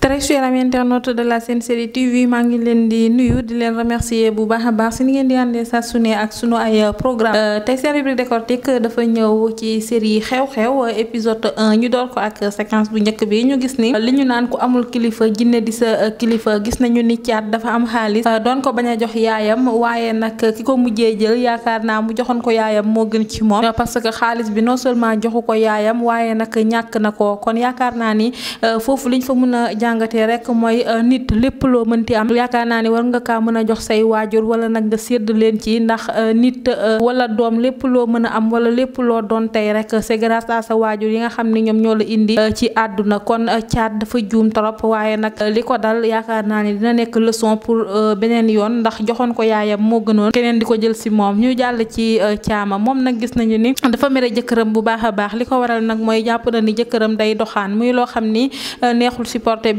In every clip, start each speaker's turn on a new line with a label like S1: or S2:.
S1: très chers amis internautes de la Sen Série TV maa ngi leen di nuyu di leen remercier bu baax a baax si ni ngeen di àndee saa su ne ak sunu ay programme euh, tey seen rubrique décortique dafa ñëw ci série xew-xew épisode 1 ñu door ko ak séquence bu njëkk bi ñu gis ni li ñu naan ku amul kilifa jinne di sa euh, kilifa gis nañu ni caat dafa am xaalis euh, doon ko bañ a jox yaayam waaye nag ki ko mujjee jël yaakaar naa mu joxoon ko yaayam moo gën ci moom parce que xaalis bi non seulement joxu ko yaayam waaye nag ñàkk na ko a jàngatee rek mooy euh, nit lépp loo mënti am yaakaar naa ne war nga kaa mën a jox say waajur wala nag nga sédd leen ci ndax euh, nit euh, wala doom lépp loo mën a am wala lépp loo doon tey rek c'est grâce à sa waajur yi nga xam ni ñoom ñoo la indi ci àdduna kon caat dafa juum trop waaye nag li ko dal yaakaar naa ni dina nekk leçon pour beneen yoon ndax joxoon ko yaayam moo gënoon keneen di ko jël si moom ñu jàll ci caama moom nag gis nañu ni dafa mere jëkkëram bu baax a baax li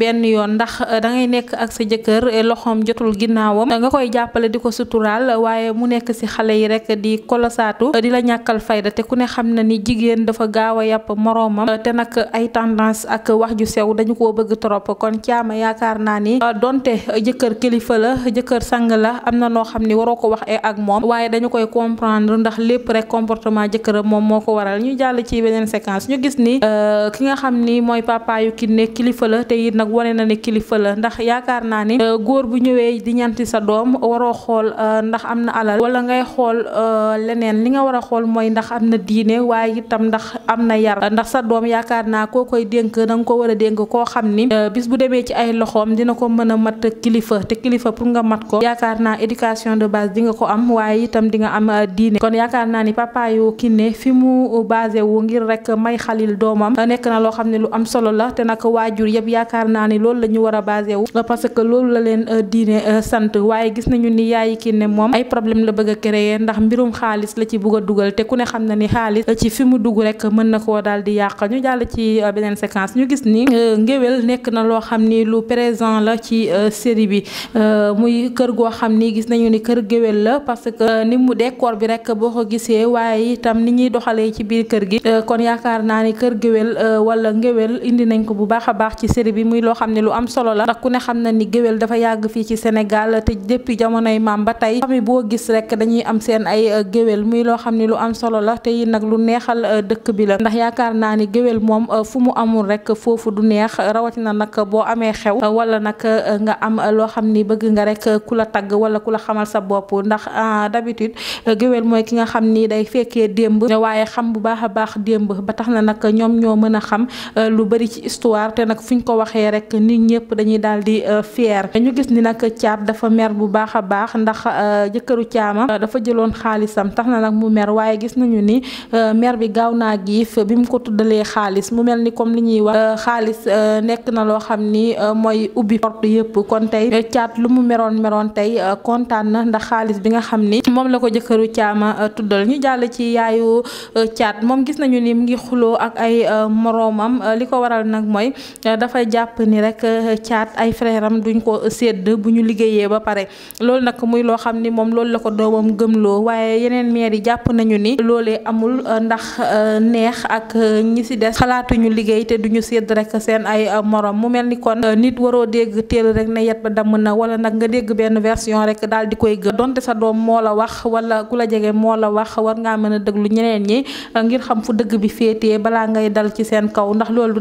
S1: benn yoon ndax eh, da ngay nekk ak sa jëkkër eh, loxoom jotul ginnaawam nga koy jàppale di ko suturaal waaye mu nekk si xale yi rek di kolosaatu di la ñàkkal fayda te ku ne xam na ni jigéen dafa gaaw a yàpp moroomam eh, te nag ay tendance ak wax ju sew dañu koo bëgg trop kon caama yaakaar naa ni donte jëkkër kilifa la jëkkër sang la am na noo xam ni waroo ko wax ak moom waaye dañu koy comprendre ndax lépp rek comportement jëkkëram moom moo ko waral ñu jàll ci beneen séquence ñu gis ni nag na ne kilifa la ndax yaakaar naa ni euh, góor bu ñëwee di ñanti sa doom waroo xool euh, ndax am na alal wala ngay xool euh, leneen li nga war a xool mooy ndax am na diine waaye itam ndax am na yar ndax sa doom yaakaar naa koo koy dénk da nga ko war a dénk koo xam ni bis bu demee ci ay loxoom dina ko mën a mat kilifa te kilifa pour nga mat ko yaakaar naa éducation de base di nga ko am waaye itam di nga am diine kon yaakaar naa ni papa ki ne fi mu basé wu ngir rek may xalil doomam nekk na loo xam ne lu am solo la nag waajur naa ni loolu la ñu war a basé wu parce que loolu la leen euh, diine euh, sant waaye gis nañu ni Yaye Kiné moom ay problème la bëgg a créer ndax mbirum xaalis la ci bëgg dugal te ku ne xam na ni xaalis ci fi mu dugg rek mën na koo daal di yàq ñu jàll ci euh, beneen séquence ñu gis ni ngéwél nekk na loo xam ni lu présent la ci série bi muy kër goo xam ni gis nañu ni kër géwél la parce que ni mu décor bi rek boo ko gisee waaye itam ni ñuy doxalee ci biir kër gi kon yaakaar naa ni kër géwél wala ngéwél indi nañ ko bu baax a baax ci loo xam ne lu am solo la ndax ku ne xam na ni géwél dafa yàgg fii ci Sénégal te depuis jamonoy maam ba tey famille boo gis rek dañuy am seen ay euh, géwél muy loo xam ne lu am solo la te nag lu neexal euh, dëkk bi la ndax yaakaar naa ni géwél moom euh, fu mu amul rek foofu du neex rawatina nag boo amee xew wala nag nga am loo xam ni bëgg nga rek ku la tagg wala ku la xamal sa bopp ndax d'habitude géwél mooy ki nga xam ni day fekkee démb waaye xam bu baax a baax démb ba tax na nag ñoom ñoo mën a xam lu bari ci histoire te nag fuñ ko waxee rek rek nit ñëpp dañuy daal di euh, fier ñu gis ni nag caat dafa mer bu baax a baax ndax euh, jëkkëru caama euh, dafa jëloon xaalisam tax na nag mu mer waaye gis nañu ni mer bi gaaw naa giif bi mu ko tuddalee xaalis mu mel ni comme li ñuy wax xaalis nekk na loo xam ni mooy ubbi yëpp kon tey caat lu mu meroon meroon tey kontaan na ndax xaalis bi nga xam ni moom la ko jëkkëru caama tuddal ñu jàll ci yaayu caat moom gis nañu ni mu ngi xuloo ak ay moroomam li ko waral nag mooy dafay jàpp ni rek euh, caat ay frère am duñ ko sédd bu ñu liggéeyee ba pare loolu nag muy loo xam ni moom loolu la ko doom doomam gëmloo waaye yeneen maire yi jàpp nañu ni loolee amul euh, ndax euh, neex ak ñi si des xalaatuñu liggéey te duñu sédd rek seen ay morom mu mel ni kon nit waroo dégg teel rek ne yet ba damm na wala nag nga dégg benn version rek daal di koy gëm donte sa doom moo la wax wala ku la jege moo la wax war ngaa mën a déglu ñeneen ñi ngir xam fu dëgg bi féetee balaa ngay dal ci seen kaw ndax loolu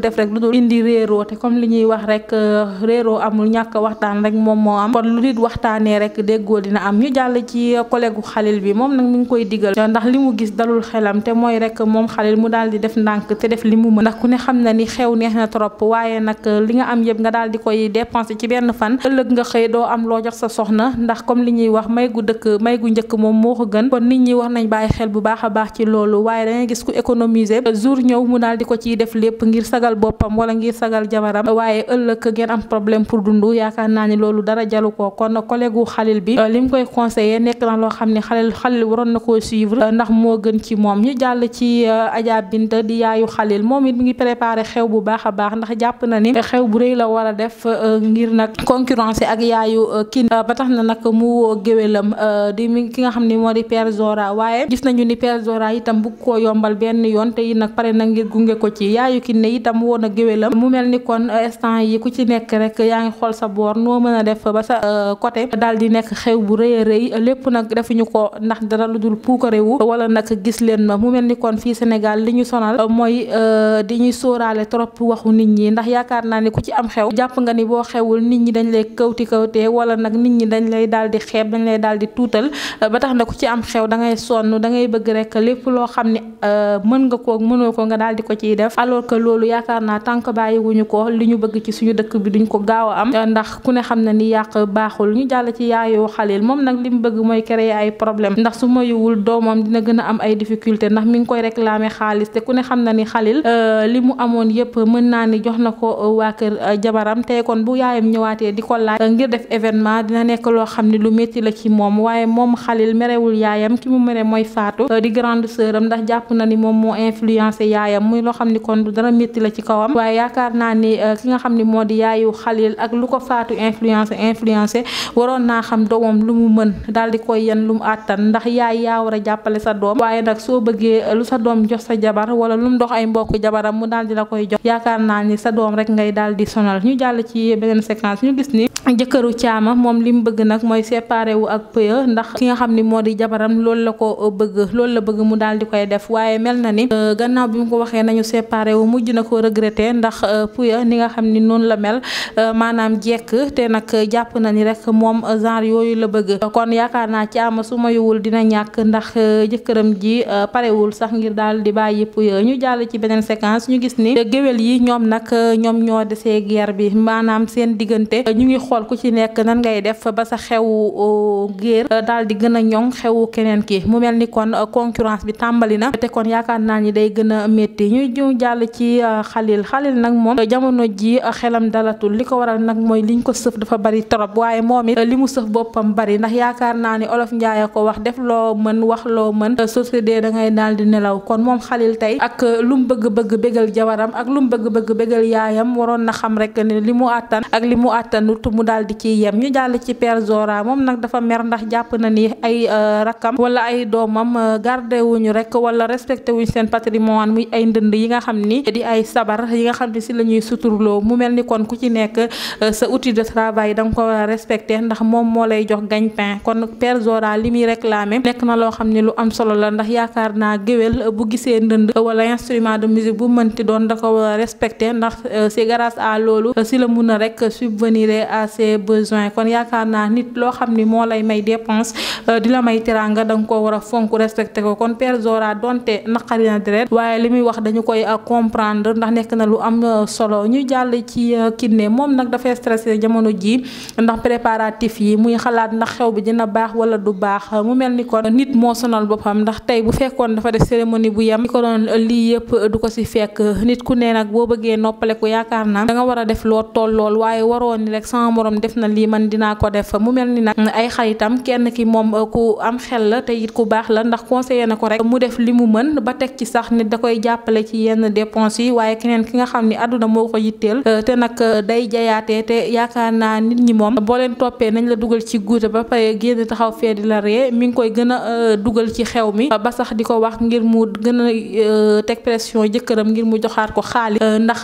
S1: du wax rek euh, réeroo amul ñàkk waxtaan rek moom moo am kon lu waxtaanee rek déggoo dina am ñu jàll ci euh, collègue xalil bi moom nag mi ngi koy digal ndax li mu gis dalul xelam te mooy rek moom xalil mu daal di def ndànk te def li mu mën ndax ku ne xam na ni xew neex na trop waaye nag euh, li nga am yëpp nga daal di koy dépensé ci benn fan ëllëg nga xëy doo am loo jox sa soxna ndax comme li ñuy wax may gu dëkk may gu njëkk moom moo ko gën kon nit ñi war nañ bàyyi xel bu baax a baax ci loolu waaye dangay gis ku économiser jour ñëw mu daal di ko ciy def lépp ngir sagal boppam wala ngir sagal jabaram waaye waaye ëllëg ngeen am problème pour dund yaakaar naa ni loolu dara jalu ko kon collègue gu xalil bi euh, li mu koy conseillé nekk na loo xam ne xalil xalil waroon na koo suivre euh, ndax moo gën ci moom ñu ci euh, Adja Binta di yaayu xalil moom it mi ngi préparé xew bu baax a baax ndax jàpp na ni xew bu rëy la war a def ngir nag concurrence ak yaayu kin ba tax na nag mu woo géwélam di mi ki nga xam ni moo di Père Zora waaye gis nañu ni Père Zora itam bug koo yombal benn yoon te it nag pare na ngir gunge ko ci yaayu kin ne itam woon géwélam mu mel ni kon instant enfant yi ku ci nekk rek yaa ngi xool sa boor noo mën a def ba sa euh, côté daal di nekk xew bu rëy a rëy lépp nag defuñu ko ndax dara lu dul puukarewu wala nag gis leen ma mu mel ni kon fii Sénégal li ñu sonal euh, mooy euh, di ñuy sooraale trop waxu nit ñi ndax yaakaar naa ni ku ci am xew jàpp nga ni boo xewul nit ñi dañ lay kawti kawtee wala nag nit ñi dañ lay daal di xeeb dañ lay daal di tuutal ba tax na ku ci am xew da ngay sonn dangay bëgg rek lépp loo xam ne mën nga koo mënoo ko nga daal ko ciy def alors que loolu yaakaar naa tànk bàyyiwuñu ko li ñu bëgg ci suñu dëkk bi duñ ko gaaw a am ndax ku ne xam na ni yàq baaxul ñu jàll ci yaayoo xalil moom nag li mu bëgg mooy créer ay problème ndax su mayuwul doomam dina gën a am ay difficulté ndax mi ngi koy réclamer xaalis te ku ne xam na ni xalil euh, li mu amoon yëpp mën naa ni jox na ko euh, waa kër euh, jabaram kon bu yaayam ñëwaatee di ko laaj ngir def événement dina nekk loo xam ni lu métti la ci moom waaye moom xalil merewul yaayam ki mu mere mooy faatu di grande sœur am ndax jàpp na ni moom moo influencé yaayam muy loo xam ni kon dara métti la ci kawam waaye xam ni moo di yaayu Xalil ak lu ko faatu influencé influencé waroon naa xam doomam lu mu mën daal koy yen lu mu àttan ndax yaay yaa war a jàppale sa doom waaye nag soo bëggee lu sa doom jox sa jabar wala lu dox ay mbokk jabaram mu daal di la koy jox yaakaar naa ni sa doom rek ngay daal di sonal ñu jàll ci beneen séquence ñu gis ni jëkkëru caama moom li mu bëgg nag mooy séparé wu ak pëya ndax ki nga xam ni moo di jabaram loolu la ko euh, bëgg loolu la bëgg mu daal di koy def waaye mel na ni euh, gannaaw bi mu ko waxee nañu séparé wu mujj na ko regretté ndax euh, pëya ni nga xam ni noonu la mel maanaam jekk te nag jàpp na ni rek moom genre yooyu la bëgg kon yaakaar naa caama su yowul dina ñàkk ndax jëkkëram ji parewul sax ngir daal di bàyyi pëya ñu jàll ci beneen séquence ñu gis ni géwél yi ñoom nag ñoom ñoo xool ku ci nekk nan ngay def ba sa xewu géer uh, daal di gën a ñoŋ xewu keneen ki mu mel ni kon uh, concurrence bi tàmbali na te kon yaakaar naa ni day gën a métti ñuy ñu jàll ci xalil uh, xalil nag moom jamono ji xelam dalatul li ko waral nag mooy liñ ko sëf dafa bari trop waaye moom it li mu sëf boppam bari ndax yaakaar naa ni olof njaay ko wax def loo mën wax loo mën soo dee da ngay daal di nelaw kon moom xalil tey ak lu bëgg-bëgg bégal jawaram ak lu bëgg-bëgg daal di ciy yem ñu jàll ci Père Zora moom nag dafa mer ndax jàpp na ni ay euh, rakkam wala ay doomam euh, gardé rek wala respecté wuñu seen patrimoine muy ay ndënd yi nga xam ni di ay sabar yi nga xam ni si la ñuy suturloo mu mel ni kon ku ci nekk euh, sa outil de travail da ko war a respecté ndax moom moo lay jox gagne-pain kon Père Zora li muy réclamé nekk na loo xam ni lu am solo la ndax yaakaar naa géwél bu gisee ndënd wala instrument de musique bu mënti doon da ko respecté ndax c'est grâce à loolu si la mun a ses besoins kon yaakaar naa nit loo xam ni moo lay may dépense euh, di la may teraanga da nga ko war a fonk respecté ko kon Père Zora donte naqari na deret waaye li muy wax dañu koy euh, comprendre ndax nekk na lu am euh, solo ñu jàll ci Kiné moom nag dafay stressé jamono ji ndax préparatif yi muy xalaat ndax xew bi dina baax wala du baax mu mel ni kon nit moo sonal boppam ndax tey bu fekkoon dafa def cérémonie bu yam li ko doon lii yëpp du ko si fekk nit ku ne nag boo bëggee noppale ko a def borom def na lii man dinaa ko def mu mel ni nag ay xaritam kenn ki moom uh, ku am xel la te it ku baax la ndax conseiller na ko rek mu def li mu mën ba teg ci sax nit da koy jàppale ci yenn dépenses yi waaye keneen ki nga xam ni àdduna moo ko yitteel uh, te nag uh, day jayaatee te yaakaar naa nit ñi moom boo leen toppee nañ la dugal ci guute ba pare génn taxaw fee di la ree mi ngi koy gën a dugal ci xew mi ba sax di ko wax ngir mu gën a teg pression jëkkëram ngir mu joxaat ko xaalis ndax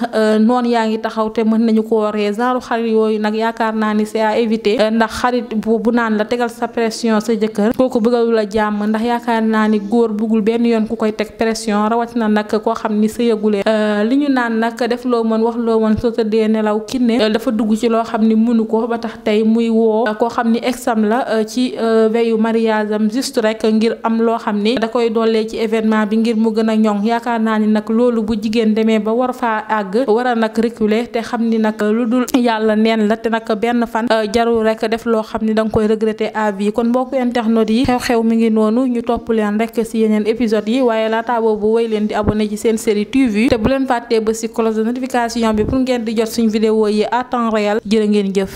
S1: noon yaa ngi taxaw te mën nañu ko ree genre xarit yooyu nag yaakaar yaakaar naa ni c'est à éviter euh, ndax xarit bu bu naan la tegal sa pression sa jëkkër kooku bëggalu la jàmm ndax yaakaar naa ni góor bëggul benn yoon ku koy teg pression na nag koo xam ni sa sëyagulee euh, li ñu naan nag def loo mën wax loo mën soo tëddee nelaw kinne euh, dafa dugg ci loo xam ni mënu ko ba tax tey muy woo koo xam ni exam la ci veyu mariage am juste rek ngir am loo xam ni da koy ci événement bi ngir mu gën a ñoŋ yaakaar naa ni nag loolu bu jigéen a benn fan euh, jarul rek def loo xam ni da nga koy regretter à vie kon mbokk internet yi xew-xew mi ngi noonu ñu topp leen rek si yeneen épisode yi waaye laata boobu woy leen di abonné ci seen série TV te bu leen fàttee ba si cloche de notification bi pour ngeen di jot suñ vidéo yi à temps réel jërë ngeen jëf